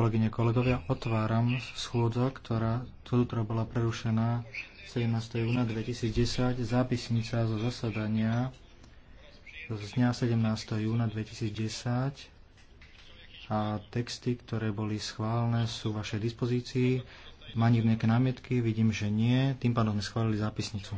Kolegyne, kolegovia, otváram schôdza, ktorá zútra bola prerušená 17. júna 2010, zápisnica zo zasadania z dňa 17. júna 2010 a texty, ktoré boli schválne, sú v vašej dispozícii. Má nikto nejaké námietky? Vidím, že nie. Tým pádom sme schválili zápisnicu.